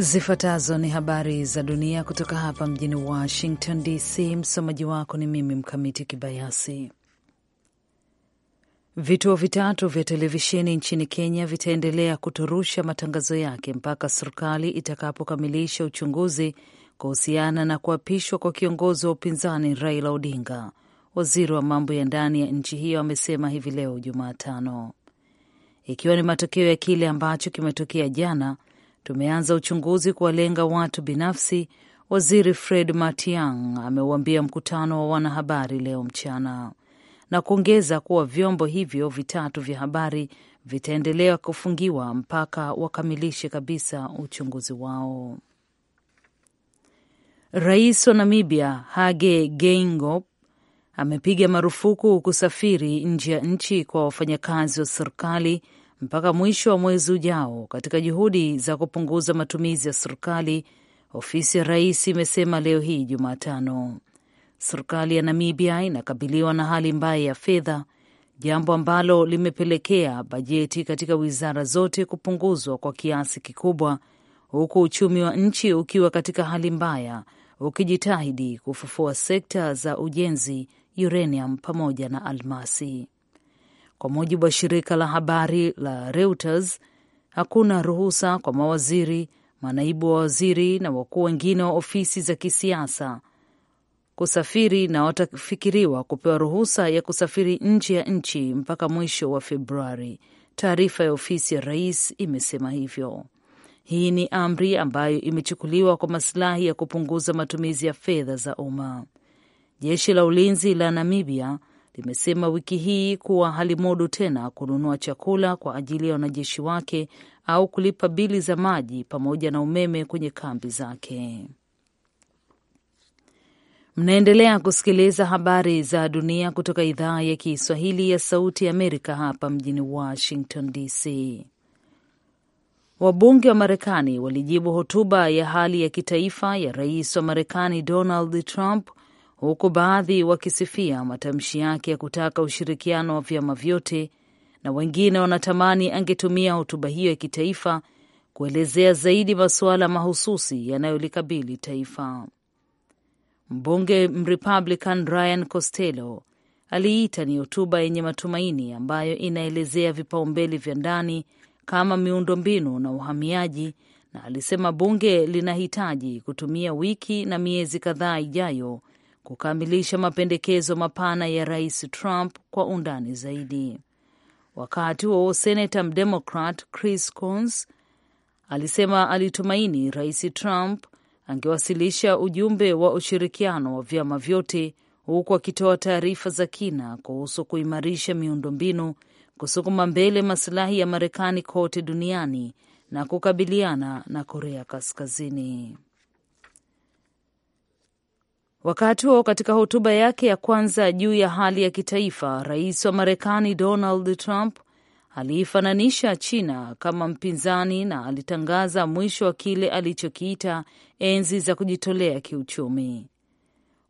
Zifuatazo ni habari za dunia kutoka hapa mjini Washington DC. Msomaji wako ni mimi Mkamiti Kibayasi. Vituo vitatu vya televisheni nchini Kenya vitaendelea kutorusha matangazo yake mpaka serikali itakapokamilisha uchunguzi kuhusiana na kuapishwa kwa kiongozi wa upinzani Raila Odinga. Waziri wa mambo ya ndani ya nchi hiyo amesema hivi leo Jumatano, ikiwa ni matokeo ya kile ambacho kimetokea jana tumeanza uchunguzi kuwalenga watu binafsi, waziri Fred Matiang ameuambia mkutano wa wanahabari leo mchana, na kuongeza kuwa vyombo hivyo vitatu vya habari vitaendelea kufungiwa mpaka wakamilishe kabisa uchunguzi wao. Rais wa Namibia Hage Geingob amepiga marufuku kusafiri nje ya nchi kwa wafanyakazi wa serikali mpaka mwisho wa mwezi ujao katika juhudi za kupunguza matumizi ya serikali, ofisi ya rais imesema leo hii Jumatano. Serikali ya Namibia inakabiliwa na hali mbaya ya fedha, jambo ambalo limepelekea bajeti katika wizara zote kupunguzwa kwa kiasi kikubwa, huku uchumi wa nchi ukiwa katika hali mbaya, ukijitahidi kufufua sekta za ujenzi, uranium pamoja na almasi. Kwa mujibu wa shirika la habari la Reuters, hakuna ruhusa kwa mawaziri, manaibu wa waziri na wakuu wengine wa ofisi za kisiasa kusafiri na watafikiriwa kupewa ruhusa ya kusafiri nje ya nchi mpaka mwisho wa Februari. Taarifa ya ofisi ya rais imesema hivyo. Hii ni amri ambayo imechukuliwa kwa masilahi ya kupunguza matumizi ya fedha za umma. Jeshi la ulinzi la Namibia limesema wiki hii kuwa halimodu tena kununua chakula kwa ajili ya wanajeshi wake au kulipa bili za maji pamoja na umeme kwenye kambi zake. Mnaendelea kusikiliza habari za dunia kutoka idhaa ya Kiswahili ya Sauti Amerika hapa mjini Washington DC. Wabunge wa Marekani walijibu hotuba ya hali ya kitaifa ya rais wa Marekani Donald Trump huku baadhi wakisifia matamshi yake ya kutaka ushirikiano wa vyama vyote na wengine wanatamani angetumia hotuba hiyo ya kitaifa kuelezea zaidi masuala mahususi yanayolikabili taifa. Mbunge Mrepublican Ryan Costello aliita ni hotuba yenye matumaini ambayo inaelezea vipaumbele vya ndani kama miundombinu na uhamiaji, na alisema bunge linahitaji kutumia wiki na miezi kadhaa ijayo kukamilisha mapendekezo mapana ya Rais Trump kwa undani zaidi. Wakati wa senata mdemokrat Chris Coons alisema alitumaini Rais Trump angewasilisha ujumbe wa ushirikiano wa vyama vyote huku akitoa taarifa za kina kuhusu kuimarisha miundombinu, kusukuma mbele masilahi ya Marekani kote duniani na kukabiliana na Korea Kaskazini. Wakati huo katika hotuba yake ya kwanza juu ya hali ya kitaifa, rais wa Marekani Donald Trump aliifananisha China kama mpinzani na alitangaza mwisho wa kile alichokiita enzi za kujitolea kiuchumi.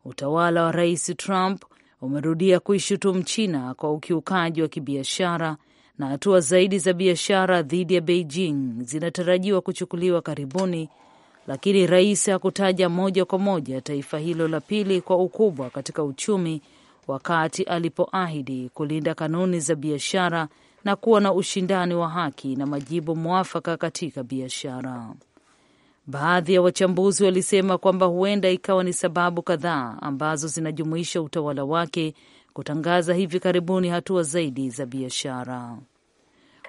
Utawala wa rais Trump umerudia kuishutumu China kwa ukiukaji wa kibiashara na hatua zaidi za biashara dhidi ya Beijing zinatarajiwa kuchukuliwa karibuni lakini rais hakutaja moja kwa moja taifa hilo la pili kwa ukubwa katika uchumi wakati alipoahidi kulinda kanuni za biashara na kuwa na ushindani wa haki na majibu mwafaka katika biashara. Baadhi ya wachambuzi walisema kwamba huenda ikawa ni sababu kadhaa ambazo zinajumuisha utawala wake kutangaza hivi karibuni hatua zaidi za biashara.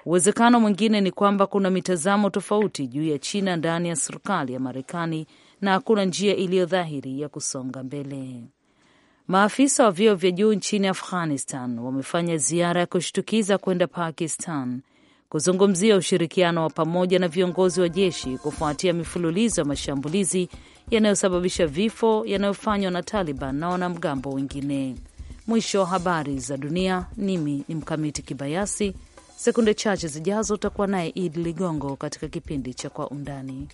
Uwezekano mwingine ni kwamba kuna mitazamo tofauti juu ya China ndani ya serikali ya Marekani na hakuna njia iliyo dhahiri ya kusonga mbele. Maafisa wa vyeo vya juu nchini Afghanistan wamefanya ziara ya kushtukiza kwenda Pakistan kuzungumzia ushirikiano wa pamoja na viongozi wa jeshi kufuatia mifululizo ya mashambulizi yanayosababisha vifo yanayofanywa na Taliban na wanamgambo wengine. Mwisho wa habari za dunia. Mimi ni Mkamiti Kibayasi. Sekunde chache zijazo utakuwa naye Idi Ligongo katika kipindi cha Kwa Undani.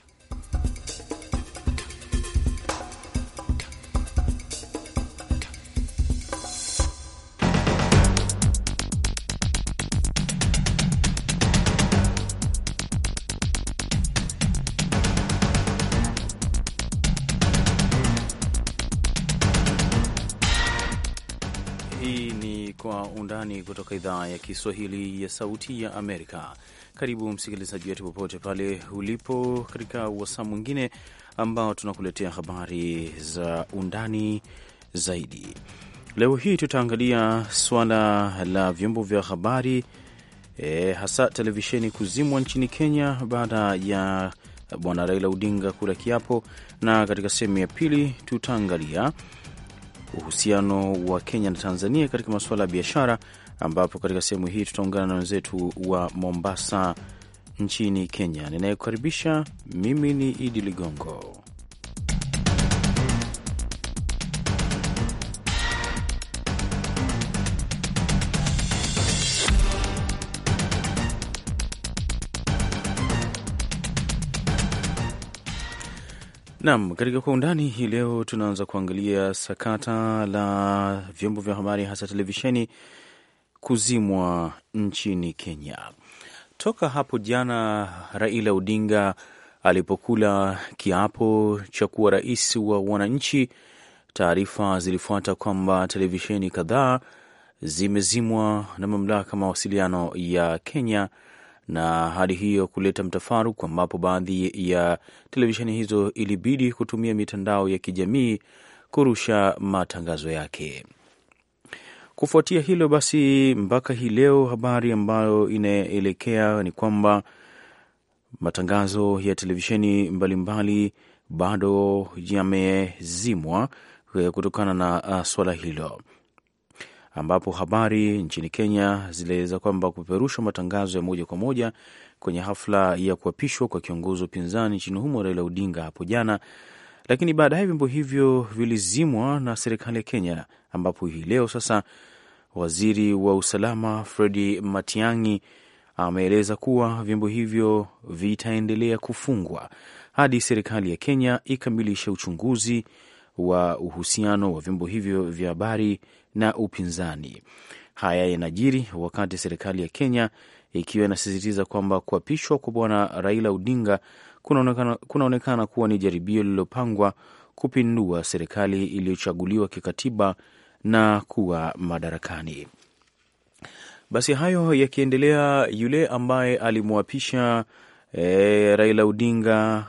kutoka idhaa ya Kiswahili ya Sauti ya Amerika. Karibu msikilizaji wetu popote pale ulipo, katika wasaa mwingine ambao tunakuletea habari za undani zaidi. Leo hii tutaangalia suala la vyombo vya habari e, hasa televisheni kuzimwa nchini Kenya baada ya bwana Raila Odinga kula kiapo, na katika sehemu ya pili tutaangalia uhusiano wa Kenya na Tanzania katika masuala ya biashara ambapo katika sehemu hii tutaungana na wenzetu wa Mombasa nchini Kenya. Ninayekukaribisha mimi ni Idi Ligongo. Nam, katika kwa undani hii leo tunaanza kuangalia sakata la vyombo vya habari hasa televisheni kuzimwa nchini Kenya. Toka hapo jana, Raila Odinga alipokula kiapo cha kuwa rais wa wananchi, taarifa zilifuata kwamba televisheni kadhaa zimezimwa na mamlaka mawasiliano ya Kenya, na hali hiyo kuleta mtafaruku, ambapo baadhi ya televisheni hizo ilibidi kutumia mitandao ya kijamii kurusha matangazo yake. Kufuatia hilo basi, mpaka hii leo habari ambayo inaelekea ni kwamba matangazo ya televisheni mbalimbali bado yamezimwa eh, kutokana na ah, swala hilo, ambapo habari nchini Kenya zilieleza kwamba kupeperushwa matangazo ya moja kwa moja kwenye hafla ya kuapishwa kwa kiongozi wa upinzani nchini humo Raila Odinga hapo jana, lakini baadaye vyombo hivyo vilizimwa na serikali ya Kenya, ambapo hii leo sasa Waziri wa usalama Fredi Matiang'i ameeleza kuwa vyombo hivyo vitaendelea kufungwa hadi serikali ya Kenya ikamilishe uchunguzi wa uhusiano wa vyombo hivyo vya habari na upinzani. Haya yanajiri wakati serikali ya Kenya ikiwa inasisitiza kwamba kuapishwa kwa Bwana Raila Odinga kunaonekana kunaonekana kuwa ni jaribio lililopangwa kupindua serikali iliyochaguliwa kikatiba na kuwa madarakani. Basi hayo yakiendelea, yule ambaye alimwapisha e, Raila Odinga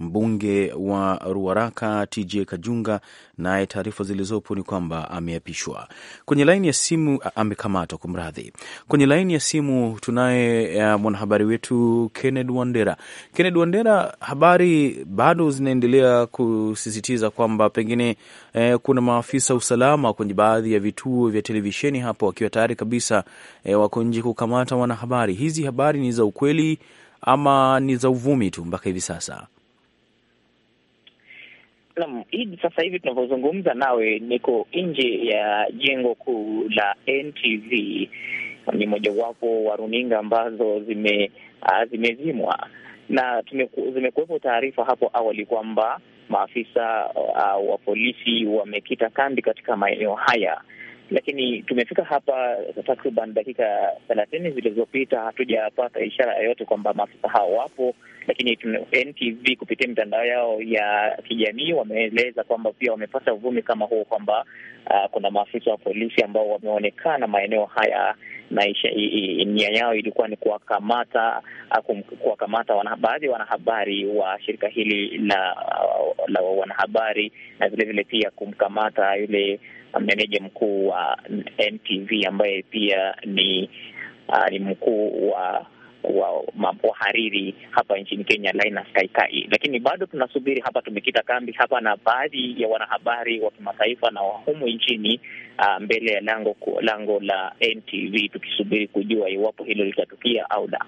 mbunge wa Ruaraka TJ Kajunga, naye taarifa zilizopo ni kwamba ameapishwa kwenye laini ya simu, amekamatwa kumradhi. Kwenye laini ya simu tunaye mwanahabari wetu Kenneth Wandera. Kenneth Wandera, habari bado zinaendelea kusisitiza kwamba pengine eh, kuna maafisa usalama kwenye baadhi ya vituo vya televisheni hapo wakiwa tayari kabisa eh, wako nje kukamata wanahabari. Hizi habari ni za ukweli ama ni za uvumi tu mpaka hivi sasa? Naam, hii sasa hivi tunavyozungumza nawe niko nje ya jengo kuu la NTV. Ni mojawapo wa runinga ambazo zime uh, zimezimwa na zimekuwepo taarifa hapo awali kwamba maafisa uh, wa polisi wamekita kambi katika maeneo haya lakini tumefika hapa takriban dakika thelathini zilizopita, hatujapata ishara yoyote kwamba maafisa hao wapo, lakini NTV kupitia mitandao yao ya kijamii wameeleza kwamba pia wamepata uvumi kama huo kwamba uh, kuna maafisa wa polisi ambao wameonekana maeneo haya na nia yao ilikuwa ni kuwakamata uh, kuwakamata baadhi ya wanahabari wa shirika hili la, uh, la wanahabari na vilevile pia kumkamata yule Uh, meneja mkuu wa NTV ambaye pia ni uh, ni mkuu wa wa hariri hapa nchini Kenya, Linus Kaikai. Lakini bado tunasubiri hapa, tumekita kambi hapa na baadhi ya wanahabari wa kimataifa na wahumu nchini uh, mbele ya lango lango la NTV tukisubiri kujua iwapo hilo litatukia au la.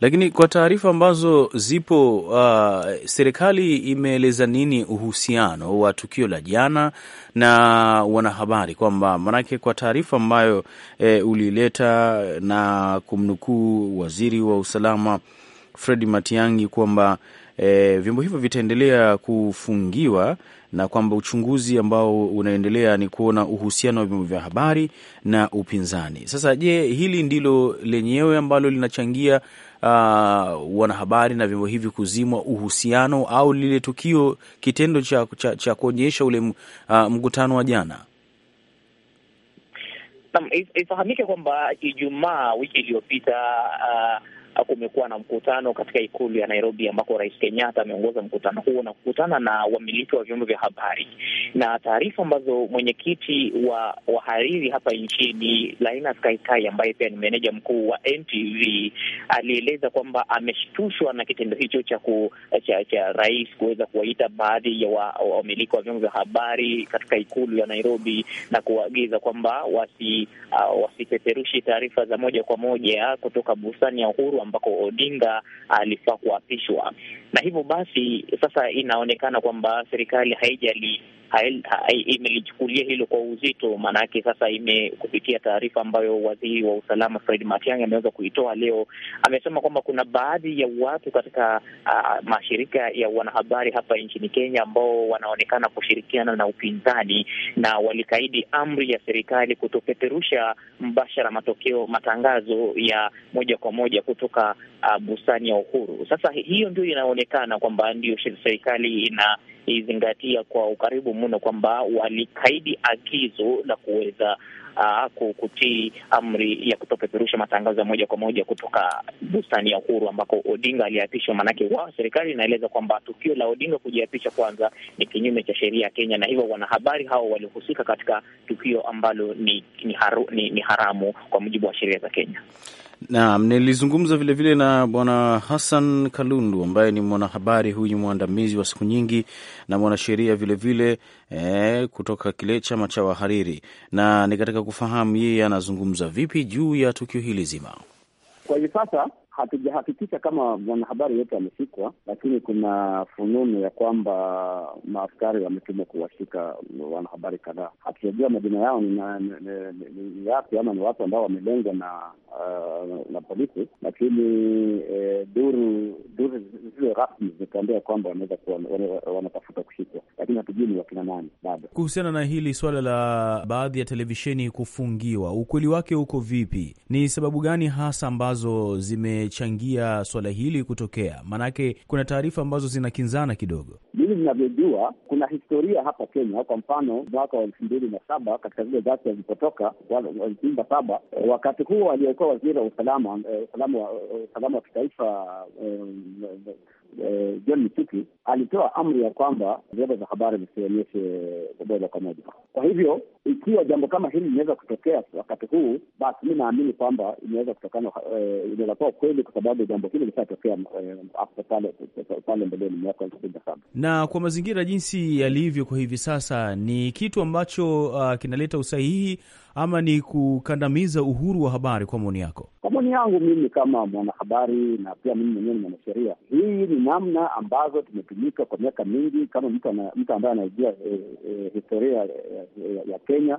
Lakini kwa taarifa ambazo zipo, uh, serikali imeeleza nini uhusiano wa tukio la jana na wanahabari? Kwamba manake kwa taarifa ambayo e, ulileta na kumnukuu waziri wa usalama Fredi Matiangi kwamba e, vyombo hivyo vitaendelea kufungiwa na kwamba uchunguzi ambao unaendelea ni kuona uhusiano wa vyombo vya habari na upinzani. Sasa je, hili ndilo lenyewe ambalo linachangia uh, wanahabari na vyombo hivi kuzimwa uhusiano au lile tukio kitendo cha, cha, cha kuonyesha ule uh, mkutano wa jana? Ifahamike kwamba Ijumaa wiki iliyopita uh, kumekuwa na mkutano katika ikulu ya Nairobi ambako Rais Kenyatta ameongoza mkutano huo na kukutana na wamiliki wa vyombo vya habari, na taarifa ambazo mwenyekiti wa wahariri hapa nchini Laina Skaikai, ambaye pia ni meneja mkuu wa NTV, alieleza kwamba ameshtushwa na kitendo hicho cha, ku, cha, cha rais kuweza kuwaita baadhi ya wamiliki wa vyombo vya habari katika ikulu ya Nairobi na kuagiza kwamba wasi uh, wasipeperushi taarifa za moja kwa moja kutoka bustani ya Uhuru ambako Odinga alifaa kuapishwa, na hivyo basi sasa inaonekana kwamba serikali haijali imelichukulia hilo kwa uzito, maanake sasa ime kupitia taarifa ambayo waziri wa usalama Fred Matiang'i ameweza kuitoa leo, amesema kwamba kuna baadhi ya watu katika uh, mashirika ya wanahabari hapa nchini Kenya ambao wanaonekana kushirikiana na upinzani na walikaidi amri ya serikali kutopeperusha mbashara matokeo matangazo ya moja kwa moja kutoka uh, bustani ya Uhuru. Sasa hiyo ndio inaonekana kwamba ndio serikali ina izingatia kwa ukaribu mno kwamba walikaidi agizo la kuweza uh, kutii amri ya kutopeperusha matangazo ya moja kwa moja kutoka bustani ya Uhuru ambako Odinga aliapishwa. Maanake wao serikali inaeleza kwamba tukio la Odinga kujiapisha kwanza ni kinyume cha sheria ya Kenya, na hivyo wanahabari hao walihusika katika tukio ambalo ni, ni, haru, ni, ni haramu kwa mujibu wa sheria za Kenya. Naam, nilizungumza vilevile na Bwana Hassan Kalundu ambaye ni mwanahabari huyu mwandamizi wa siku nyingi na mwanasheria vilevile e, eh, kutoka kile chama cha wahariri, na ni katika kufahamu yeye anazungumza vipi juu ya tukio hili zima. Kwa hivi sasa hatujahakikisha kama mwanahabari yote amefikwa, lakini kuna fununu ya kwamba maaskari wametumwa kuwashika wanahabari kadhaa. Hatujajua majina yao ni yapi ama ni watu ambao wamelengwa na Uh, na polisi, lakini eh, duru duru zile rasmi zimetuambia kwamba wanaweza kuwa wanatafuta kushikwa, lakini hatujui ni wakina nani bado. Kuhusiana na hili suala la baadhi ya televisheni kufungiwa, ukweli wake uko vipi? Ni sababu gani hasa ambazo zimechangia suala hili kutokea? Maanake kuna taarifa ambazo zinakinzana kidogo. Mimi ninavyojua, kuna historia hapa Kenya. Kwa mfano, mwaka wa elfu mbili na saba katika zile ghasia zilipotoka, na saba, wakati huo waliokuwa waziri wa usalama eh, eh, usalama wa kitaifa eh, John Msiki alitoa amri ya kwamba vyombo vya habari visionyeshe moja kwa moja. Kwa hivyo ikiwa jambo kama hili linaweza kutokea wakati huu, basi mi naamini kwamba inaweza kutokana, inaweza kuwa kweli, kwa sababu jambo hili lishatokea pale mbeleni mwaka elfu mbili na saba, na kwa mazingira jinsi yalivyo kwa hivi sasa ni kitu ambacho uh, kinaleta usahihi ama ni kukandamiza uhuru wa habari kwa maoni yako? Kwa maoni yangu mimi kama mwanahabari na pia mimi mwenyewe ni mwanasheria, hii ni namna ambazo tumetumika kwa miaka mingi. Kama mtu mtu ambaye anajua e, eh, e, eh, historia e, e, ya Kenya,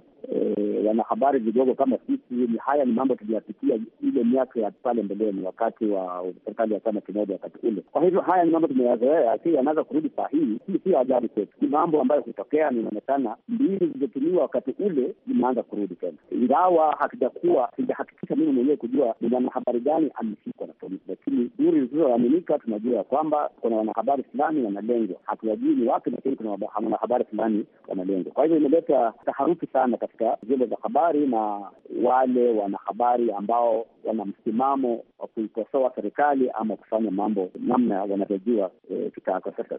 wanahabari e, vidogo kama sisi, ni haya ni mambo tuliyapitia ile miaka ya pale mbeleni, wakati wa serikali ya chama kimoja wakati ule. Kwa hivyo haya ni mambo tumeyazoea, lakini yanaweza kurudi saa hii, hii sio ajabu kwetu. Ni mambo ambayo hutokea, inaonekana mbili zilizotumiwa wakati ule zimeanza kurudi Chadema, ingawa hatujakuwa sijahakikisha mimi mwenyewe kujua ni mwanahabari gani ameshikwa na polisi, lakini duru zilizoaminika tunajua ya kwamba kuna wanahabari fulani wanalengwa. Hatuwajui ni wapi, lakini kuna wanahabari fulani wanalengwa. Kwa hivyo imeleta taharuki sana katika vyombo vya habari na wale wanahabari ambao wana msimamo wa kuikosoa serikali ama kufanya mambo namna wanavyojua e,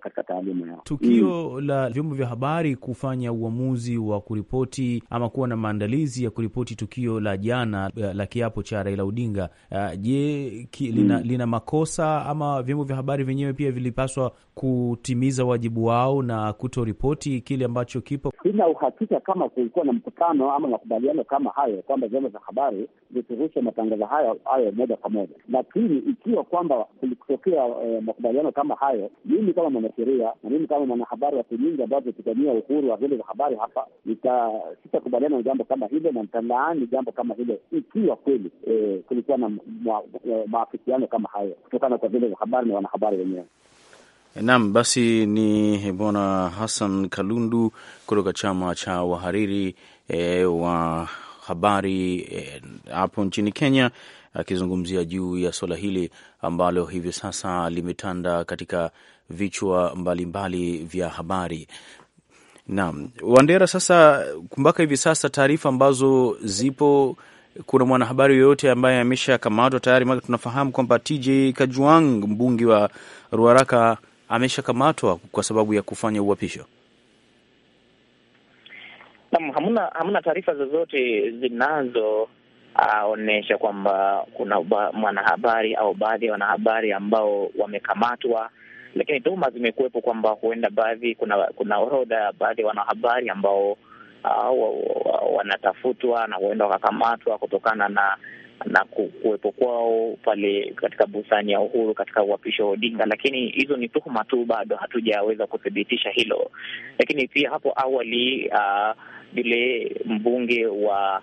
katika taaluma yao. Tukio mm, la vyombo vya habari kufanya uamuzi wa kuripoti ama kuwa na maandalizi maandalizi ya kuripoti tukio la jana eh, la kiapo cha Raila Odinga, uh, je, ki, lina, mm. lina makosa ama vyombo vya habari vyenyewe pia vilipaswa kutimiza wajibu wao na kutoripoti kile ambacho kipo? Sina uhakika kama kulikuwa na mkutano ama makubaliano kama hayo kwamba vyombo vya habari vituruse matangazo hayo hayo moja kwa moja, lakini ikiwa kwamba kulikutokea eh, makubaliano kama hayo, mimi kama mwanasheria na mimi kama mwanahabari, wa nyingi ambazo tupigania uhuru wa vyombo vya habari hapa, sitakubaliana na jambo kama hili vile na nitalaani jambo kama hilo ikiwa kweli e, kulikuwa na e, maafikiano kama hayo kutokana kwa vile vya habari na wanahabari wenyewe. Naam, basi ni Bwana Hassan Kalundu kutoka chama cha wahariri e, wa habari e, hapo e, nchini Kenya akizungumzia juu ya suala hili ambalo hivi sasa limetanda katika vichwa mbalimbali mbali vya habari. Naam, Wandera, sasa mpaka hivi sasa taarifa ambazo zipo, kuna mwanahabari yoyote ambaye ameshakamatwa tayari? Maana tunafahamu kwamba TJ Kajwang, mbunge wa Ruaraka, ameshakamatwa kwa sababu ya kufanya uhapisho. Naam, hamna hamna taarifa zozote zinazoonyesha uh, kwamba kuna mwanahabari au baadhi ya wanahabari ambao wamekamatwa lakini tuhuma zimekuwepo kwamba huenda baadhi, kuna kuna orodha baadhi ya wanahabari ambao uh, wanatafutwa na huenda wakakamatwa kutokana na na kuwepo kwao pale katika bustani ya Uhuru katika uhapisho wa Odinga, lakini hizo ni tuhuma tu, bado hatujaweza kuthibitisha hilo. Lakini pia hapo awali ah, yule uh, mbunge wa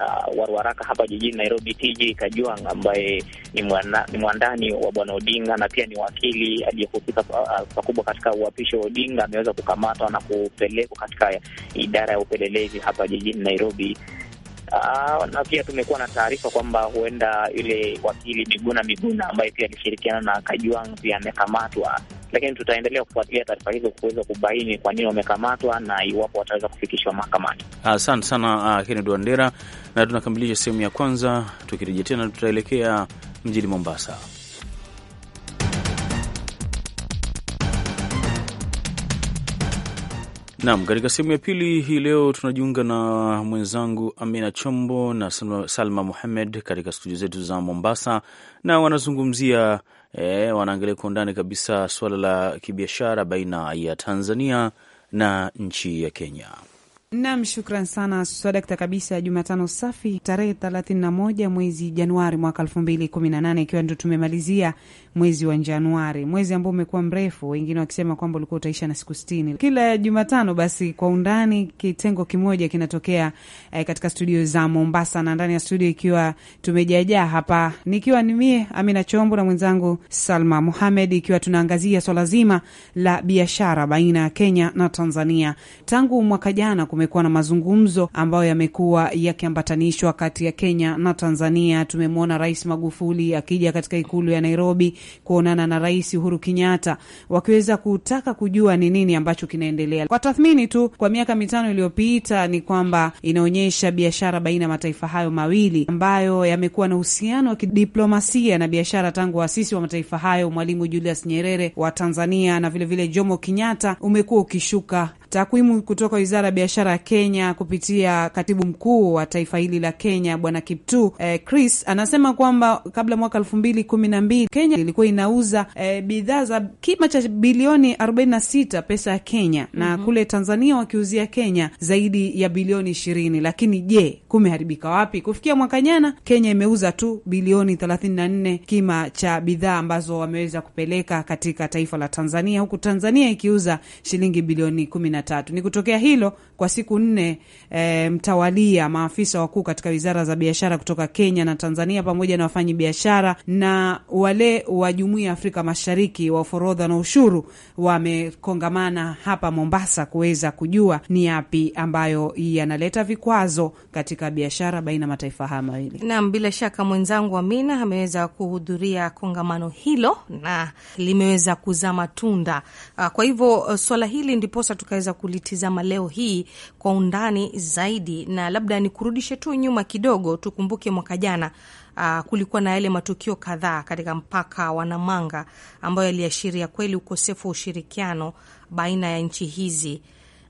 uh, ah, wa hapa jijini Nairobi, TJ Kajwang ambaye ni, mwana, ni mwandani wa bwana Odinga na pia ni wakili aliyehusika ah, ah, pakubwa katika uhapisho wa Odinga ameweza kukamatwa na kupelekwa katika idara ya upelelezi hapa jijini Nairobi. Uh, na pia tumekuwa na taarifa kwamba huenda yule wakili Miguna Miguna ambaye pia alishirikiana na Kajwang pia amekamatwa lakini tutaendelea kufuatilia taarifa hizo kuweza kubaini kwa nini wamekamatwa na iwapo wataweza kufikishwa mahakamani. Asante sana, uh, Kennedy Wandera, na tunakamilisha sehemu ya kwanza. Tukirejea tena, tutaelekea mjini Mombasa. nam katika sehemu ya pili hii leo tunajiunga na mwenzangu Amina Chombo na Salma Muhamed katika studio zetu za Mombasa, na wanazungumzia e, wanaangalia kwa undani kabisa suala la kibiashara baina ya Tanzania na nchi ya Kenya. Nam, shukran sana swadakta kabisa. Jumatano safi tarehe 31 mwezi Januari mwaka 218 ikiwa ndo tumemalizia mwezi wa Januari, mwezi ambao umekuwa mrefu, wengine wakisema kwamba ulikuwa utaisha na siku sitini. Kila Jumatano basi kwa undani kitengo kimoja kinatokea eh, katika studio za Mombasa na ndani ya studio ikiwa tumejajaa hapa, nikiwa ni mie Amina Chombo na mwenzangu Salma Muhamed, ikiwa tunaangazia swala zima la biashara baina ya Kenya na Tanzania. Tangu mwaka jana kumekuwa na mazungumzo ambayo yamekuwa yakiambatanishwa kati ya Kenya na Tanzania. Tumemwona Rais Magufuli akija katika ikulu ya Nairobi kuonana na Rais Uhuru Kenyatta, wakiweza kutaka kujua ni nini ambacho kinaendelea. Kwa tathmini tu kwa miaka mitano iliyopita, ni kwamba inaonyesha biashara baina ya mataifa hayo mawili ambayo yamekuwa na uhusiano wa kidiplomasia na biashara tangu waasisi wa mataifa hayo Mwalimu Julius Nyerere wa Tanzania na vilevile vile Jomo Kenyatta umekuwa ukishuka Takwimu kutoka wizara ya biashara ya Kenya kupitia katibu mkuu wa taifa hili la Kenya bwana Kiptu eh, Chris anasema kwamba kabla mwaka elfu mbili kumi na mbili Kenya ilikuwa inauza eh, bidhaa za kima cha bilioni arobaini na sita pesa ya Kenya na mm -hmm. kule Tanzania wakiuzia Kenya zaidi ya bilioni ishirini lakini je, kumeharibika wapi? Kufikia mwaka jana Kenya imeuza tu bilioni thelathini na nne kima cha bidhaa ambazo wameweza kupeleka katika taifa la Tanzania, huku Tanzania ikiuza shilingi bilioni kumi na na tatu. Ni kutokea hilo kwa siku nne e, mtawalia, maafisa wakuu katika wizara za biashara kutoka Kenya na Tanzania pamoja na wafanyi biashara na wale wa Jumuiya ya Afrika Mashariki wa forodha na ushuru wamekongamana hapa Mombasa kuweza kujua ni yapi ambayo yanaleta vikwazo katika biashara baina mataifa haya mawili. Naam, bila shaka mwenzangu Amina ameweza kuhudhuria kongamano hilo na limeweza kuzaa matunda. Ah, kwa hivyo eh, swala hili ndiposa tukaweza tutaweza kulitizama leo hii kwa undani zaidi, na labda nikurudishe tu nyuma kidogo, tukumbuke mwaka jana Uh, kulikuwa na yale matukio kadhaa katika mpaka wa Namanga ambayo yaliashiria kweli ukosefu wa ushirikiano baina ya nchi hizi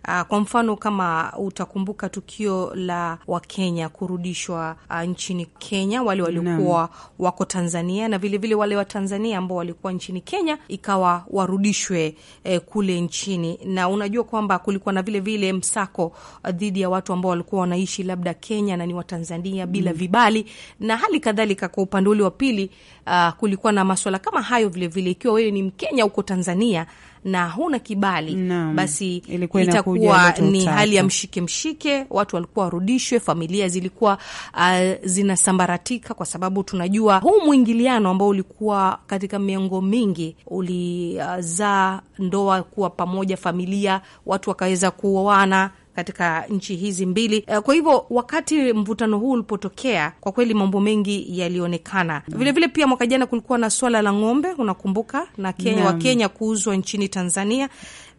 Uh, kwa mfano kama utakumbuka tukio la Wakenya kurudishwa uh, nchini Kenya, wale waliokuwa wako Tanzania na vilevile vile wale wa Tanzania ambao walikuwa nchini Kenya ikawa warudishwe eh, kule nchini. Na unajua kwamba kulikuwa na vilevile vile msako ah, dhidi ya watu ambao walikuwa wanaishi labda Kenya na ni Watanzania bila mm, vibali na hali kadhalika. Kwa upande ule wa pili uh, kulikuwa na maswala kama hayo vilevile. Ikiwa wewe ni Mkenya huko Tanzania na huna kibali na, basi itakuwa ni hali ya mshike mshike, watu walikuwa warudishwe, familia zilikuwa uh, zinasambaratika, kwa sababu tunajua huu mwingiliano ambao ulikuwa katika miongo mingi ulizaa uh, ndoa kuwa pamoja, familia watu wakaweza kuoana katika nchi hizi mbili. Eh, kwa hivyo wakati mvutano huu ulipotokea, kwa kweli mambo mengi yalionekana vilevile. Mm. Vile pia mwaka jana kulikuwa na swala la ng'ombe, unakumbuka, na Kenya, wa Kenya kuuzwa nchini Tanzania,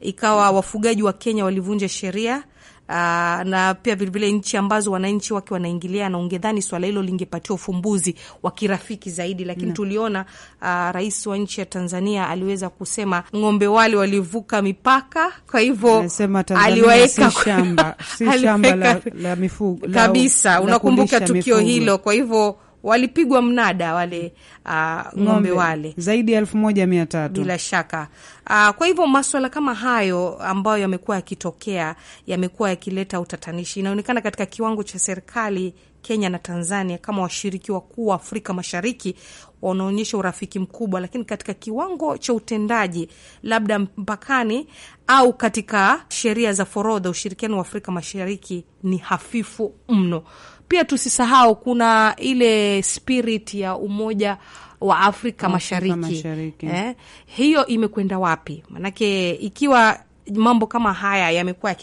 ikawa wafugaji wa Kenya walivunja sheria uh, na pia vilevile nchi ambazo wananchi wake wanaingilia, na ungedhani swala hilo lingepatiwa ufumbuzi wa kirafiki zaidi, lakini mm. Tuliona uh, rais wa nchi ya Tanzania aliweza kusema ng'ombe wale walivuka mipaka, kwa hivyo aliwaweka si shamba, si shamba la, la mifugo kabisa. Unakumbuka tukio hilo, kwa hivyo walipigwa mnada wale uh, ng'ombe, ng'ombe wale zaidi ya elfu moja mia tatu bila shaka. Uh, kwa hivyo maswala kama hayo ambayo yamekuwa yakitokea yamekuwa yakileta utatanishi. Inaonekana katika kiwango cha serikali Kenya na Tanzania kama washiriki wakuu wa Afrika Mashariki wanaonyesha urafiki mkubwa, lakini katika kiwango cha utendaji, labda mpakani au katika sheria za forodha, ushirikiano wa Afrika Mashariki ni hafifu mno. Pia tusisahau kuna ile spirit ya umoja wa Afrika, wa Mashariki, Mashariki. Eh, hiyo imekwenda wapi? Manake ikiwa mambo kama haya yamekuwa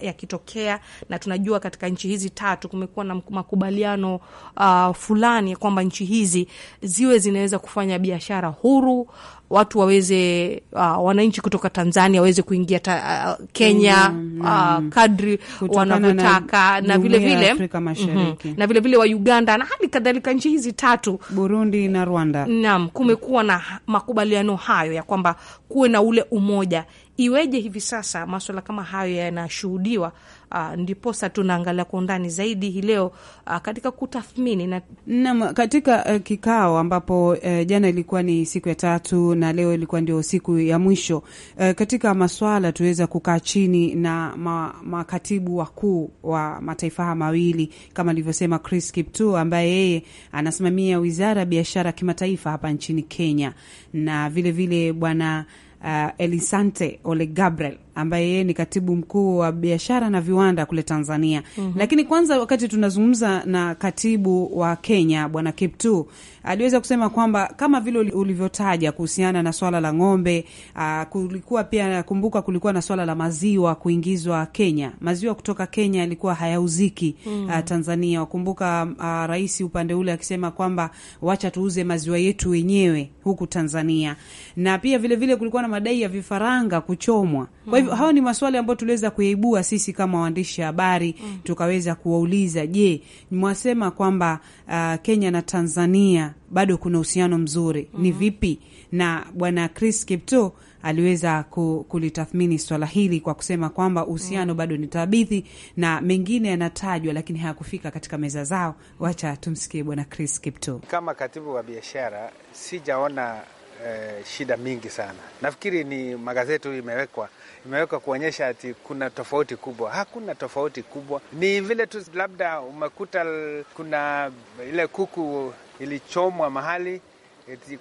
yakitokea ya na tunajua katika nchi hizi tatu kumekuwa na makubaliano uh, fulani ya kwamba nchi hizi ziwe zinaweza kufanya biashara huru watu waweze uh, wananchi kutoka Tanzania waweze kuingia ta, uh, Kenya mm, mm, uh, kadri wanavyotaka na vilevile mm -hmm, na vilevile mhm. wa Uganda na hali kadhalika nchi hizi tatu Burundi na Rwanda. Naam, kumekuwa na makubaliano hayo ya kwamba kuwe na ule umoja. Iweje hivi sasa maswala kama hayo yanashuhudiwa Ah, ndiposa tunaangalia kwa undani zaidi hii leo ah, katika kutathmini na... Naam, katika uh, kikao ambapo uh, jana ilikuwa ni siku ya tatu na leo ilikuwa ndio siku ya mwisho uh, katika maswala tuweza kukaa chini na ma, makatibu wakuu wa mataifa haya mawili kama alivyosema Chris kipt ambaye yeye anasimamia wizara ya biashara kimataifa hapa nchini Kenya na vilevile bwana uh, Elisante Ole Gabriel ambaye yeye ni katibu mkuu wa biashara na viwanda kule Tanzania. mm -hmm. Lakini kwanza, wakati tunazungumza na katibu wa Kenya Bwana Kiptu, aliweza kusema kwamba kama vile ulivyotaja kuhusiana na swala la ng'ombe, ah, kulikuwa pia nakumbuka, kulikuwa na swala la maziwa kuingizwa Kenya. Maziwa kutoka Kenya yalikuwa hayauziki mm -hmm. Tanzania. Wakumbuka ah, rais upande ule akisema kwamba wacha tuuze maziwa yetu wenyewe huku Tanzania, na pia vilevile vile kulikuwa na madai ya vifaranga kuchomwa. Kwa hivyo hivyo hayo ni maswali ambayo tuliweza kuyaibua sisi kama waandishi habari mm. tukaweza kuwauliza, je, mwasema kwamba uh, Kenya na Tanzania bado kuna uhusiano mzuri mm -hmm. ni mm-hmm. vipi? Na bwana Chris Kipto aliweza kulitathmini swala hili kwa kusema kwamba uhusiano mm. bado ni tabithi na mengine yanatajwa, lakini hayakufika katika meza zao. Wacha tumsikie bwana Chris Kipto. Kama katibu wa biashara, sijaona eh, shida mingi sana. Nafikiri ni magazeti huyu imewekwa imewekwa kuonyesha ati kuna tofauti kubwa. Hakuna tofauti kubwa, ni vile tu labda umekuta kuna ile kuku ilichomwa mahali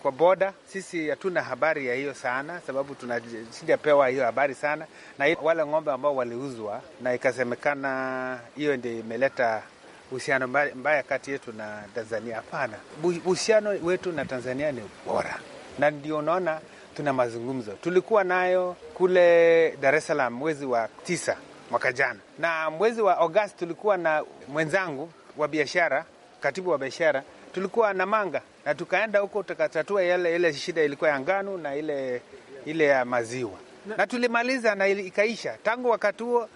kwa boda. Sisi hatuna habari ya hiyo sana, sababu tunasijapewa hiyo habari sana, na wale ng'ombe ambao waliuzwa na ikasemekana hiyo ndio imeleta uhusiano mbaya kati yetu na Tanzania. Hapana, uhusiano wetu na Tanzania ni bora na ndio unaona tuna mazungumzo. Tulikuwa nayo kule Dar es Salaam mwezi wa tisa mwaka jana, na mwezi wa Agosti tulikuwa na mwenzangu wa biashara, katibu wa biashara, tulikuwa na manga na tukaenda huko tukatatua yale ile shida ilikuwa ya ngano na ile ile ya maziwa na tulimaliza na ikaisha. Tangu wakati huo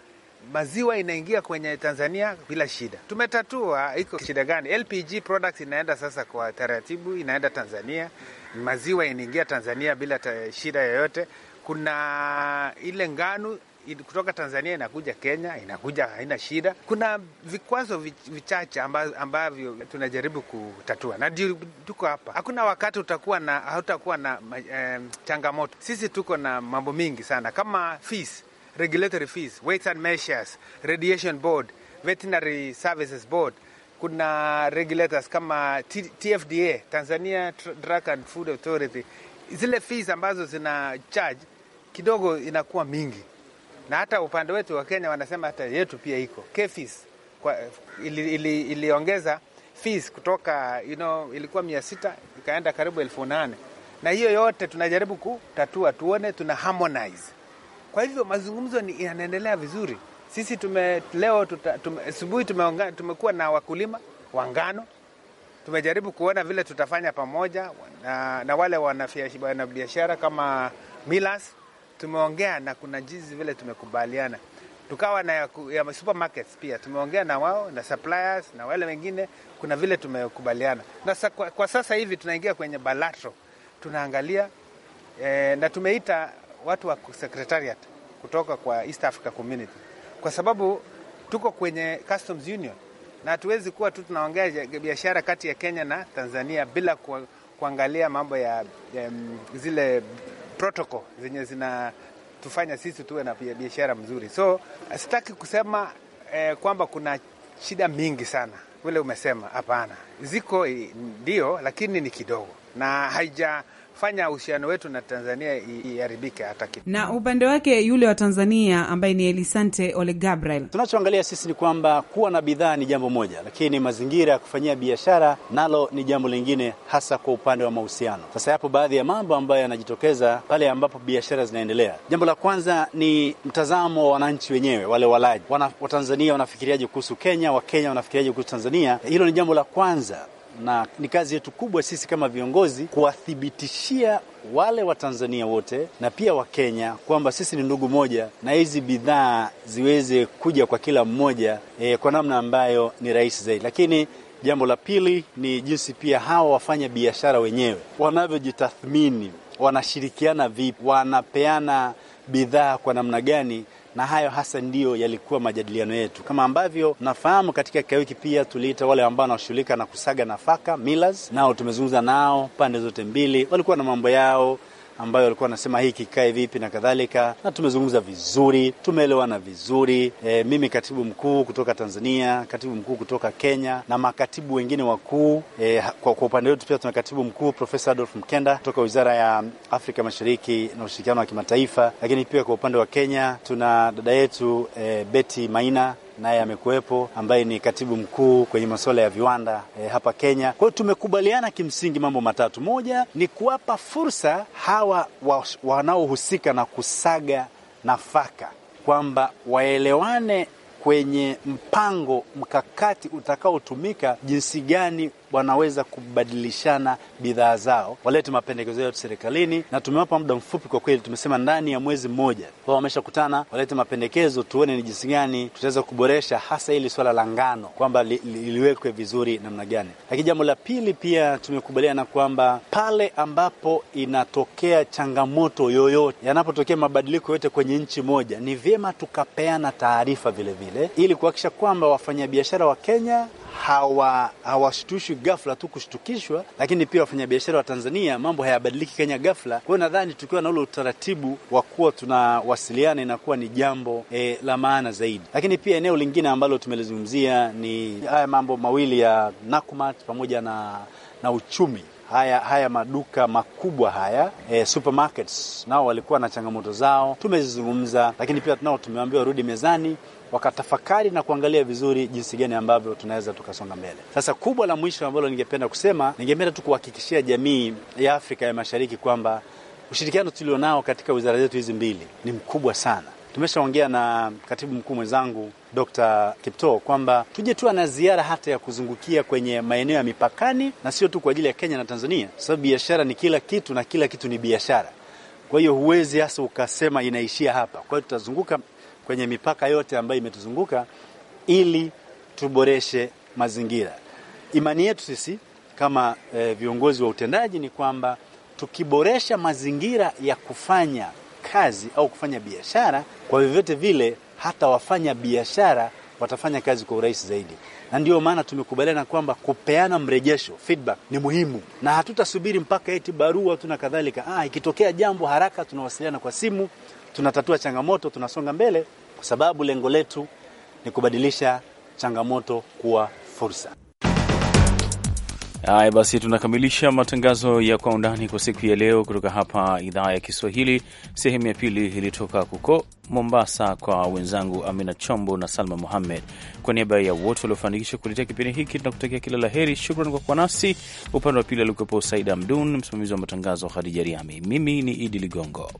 maziwa inaingia kwenye Tanzania bila shida. Tumetatua iko shida gani? LPG products inaenda sasa kwa taratibu, inaenda Tanzania, maziwa inaingia Tanzania bila shida yoyote. Kuna ile ngano kutoka Tanzania inakuja Kenya, inakuja haina shida. Kuna vikwazo vichache ambavyo tunajaribu kutatua, na tuko hapa. Hakuna wakati utakuwa na hautakuwa na eh, changamoto. Sisi tuko na mambo mingi sana kama fees regulatory fees, weights and measures, radiation board, veterinary services board. Kuna regulators kama TFDA, Tanzania Drug and Food Authority. Zile fees ambazo zina charge kidogo inakuwa mingi, na hata upande wetu wa Kenya wanasema hata yetu pia iko KFIS iliongeza ili, ili fees kutoka you know, ilikuwa mia sita ikaenda karibu elfu nane na hiyo yote tunajaribu kutatua tuone tuna harmonize kwa hivyo mazungumzo yanaendelea vizuri. Sisi tume, leo asubuhi tume, tumekuwa na wakulima wa ngano, tumejaribu kuona vile tutafanya pamoja na, na wale wanabiashara kama Milas tumeongea na kuna jinsi vile tumekubaliana, tukawa na ya, ya supermarkets pia tumeongea na wao na suppliers na wale wengine, kuna vile tumekubaliana na sa, kwa, kwa sasa hivi tunaingia kwenye balato tunaangalia eh, na tumeita watu wa secretariat kutoka kwa East Africa Community, kwa sababu tuko kwenye Customs Union na hatuwezi kuwa tu tunaongea biashara kati ya Kenya na Tanzania bila ku, kuangalia mambo ya, ya mm, zile protocol zenye zinatufanya sisi tuwe na biashara mzuri. So sitaki kusema eh, kwamba kuna shida mingi sana vile umesema. Hapana, ziko eh, ndio, lakini ni kidogo na haija kufanya uhusiano wetu na Tanzania iharibike hata kidogo. Na upande wake yule wa Tanzania ambaye ni Elisante Ole Gabriel, tunachoangalia sisi ni kwamba kuwa na bidhaa ni jambo moja, lakini mazingira ya kufanyia biashara nalo ni jambo lingine, hasa kwa upande wa mahusiano. Sasa yapo baadhi ya mambo ambayo yanajitokeza pale ambapo biashara zinaendelea. Jambo la kwanza ni mtazamo wa wananchi wenyewe, wale walaji Watanzania wanafikiriaje kuhusu Kenya, Wakenya wanafikiriaje kuhusu Tanzania. Hilo ni jambo la kwanza na ni kazi yetu kubwa sisi kama viongozi kuwathibitishia wale Watanzania wote na pia Wakenya kwamba sisi ni ndugu moja, na hizi bidhaa ziweze kuja kwa kila mmoja e, kwa namna ambayo ni rahisi zaidi. Lakini jambo la pili ni jinsi pia hawa wafanya biashara wenyewe wanavyojitathmini, wanashirikiana vipi, wanapeana bidhaa kwa namna gani na hayo hasa ndiyo yalikuwa majadiliano yetu. Kama ambavyo nafahamu, katika kikao hiki pia tuliita wale ambao wanashughulika na kusaga nafaka millers, nao tumezungumza nao, pande zote mbili walikuwa na mambo yao ambayo walikuwa anasema hii kikae vipi na kadhalika, na tumezungumza vizuri, tumeelewana vizuri. E, mimi katibu mkuu kutoka Tanzania, katibu mkuu kutoka Kenya na makatibu wengine wakuu. E, kwa, kwa upande wetu pia tuna katibu mkuu Profesa Adolf Mkenda kutoka Wizara ya Afrika Mashariki na ushirikiano wa kimataifa, lakini pia kwa upande wa Kenya tuna dada yetu e, Betty Maina naye amekuwepo, ambaye ni katibu mkuu kwenye masuala ya viwanda e, hapa Kenya. Kwa hiyo tumekubaliana kimsingi mambo matatu. Moja ni kuwapa fursa hawa wanaohusika na kusaga nafaka kwamba waelewane kwenye mpango mkakati utakaotumika jinsi gani wanaweza kubadilishana bidhaa zao, walete mapendekezo yao serikalini, na tumewapa muda mfupi kwa kweli, tumesema ndani ya mwezi mmoja wao wameshakutana, walete mapendekezo, tuone ni jinsi gani tutaweza kuboresha hasa hili swala la ngano, kwamba li, li, vizuri namna gani. Lakini jambo la pili pia tumekubaliana kwamba pale ambapo inatokea changamoto yoyote, yanapotokea mabadiliko yote kwenye nchi moja, ni vyema tukapeana taarifa vilevile, ili kuhakikisha kwamba wafanyabiashara wa Kenya hawashtushwi ghafla tu kushtukishwa, lakini pia wafanyabiashara wa Tanzania mambo hayabadiliki Kenya ghafla. Kwa hiyo nadhani tukiwa na ule utaratibu wa kuwa tunawasiliana inakuwa ni jambo e, la maana zaidi. Lakini pia eneo lingine ambalo tumelizungumzia ni haya mambo mawili ya Nakumat pamoja na, na uchumi haya, haya maduka makubwa haya e, supermarkets nao walikuwa na changamoto zao, tumezizungumza, lakini pia tunao tumeambiwa rudi mezani wakatafakari na kuangalia vizuri jinsi gani ambavyo tunaweza tukasonga mbele. Sasa kubwa la mwisho ambalo ningependa kusema, ningependa tu kuhakikishia jamii ya Afrika ya Mashariki kwamba ushirikiano tulionao katika wizara zetu hizi mbili ni mkubwa sana. Tumeshaongea na katibu mkuu mwenzangu Dr. kipto kwamba tuje tu na ziara hata ya kuzungukia kwenye maeneo ya mipakani na sio tu kwa ajili ya Kenya na Tanzania, sababu biashara ni kila kitu na kila kitu ni biashara. Kwa hiyo huwezi hasa ukasema inaishia hapa. Kwa hiyo tutazunguka kwenye mipaka yote ambayo imetuzunguka ili tuboreshe mazingira. Imani yetu sisi kama e, viongozi wa utendaji ni kwamba tukiboresha mazingira ya kufanya kazi au kufanya biashara, kwa vyovyote vile hata wafanya biashara watafanya kazi kwa urahisi zaidi, na ndiyo maana tumekubaliana kwamba kupeana mrejesho feedback ni muhimu, na hatutasubiri mpaka eti barua tu na kadhalika. Ah, ikitokea jambo haraka, tunawasiliana kwa simu, tunatatua changamoto, tunasonga mbele, kwa sababu lengo letu ni kubadilisha changamoto kuwa fursa. Haya basi, tunakamilisha matangazo ya Kwa Undani kwa siku ya leo kutoka hapa idhaa ya Kiswahili. Sehemu ya pili ilitoka kuko Mombasa kwa wenzangu Amina Chombo na Salma Muhammed. Kwa niaba ya wote waliofanikisha kuletea kipindi hiki, tunakutakia kila la heri. Shukran kwa kuwa nasi. Upande wa pili alikuwepo Saida Amdun, msimamizi wa matangazo Khadija Riami. Mimi ni Idi Ligongo.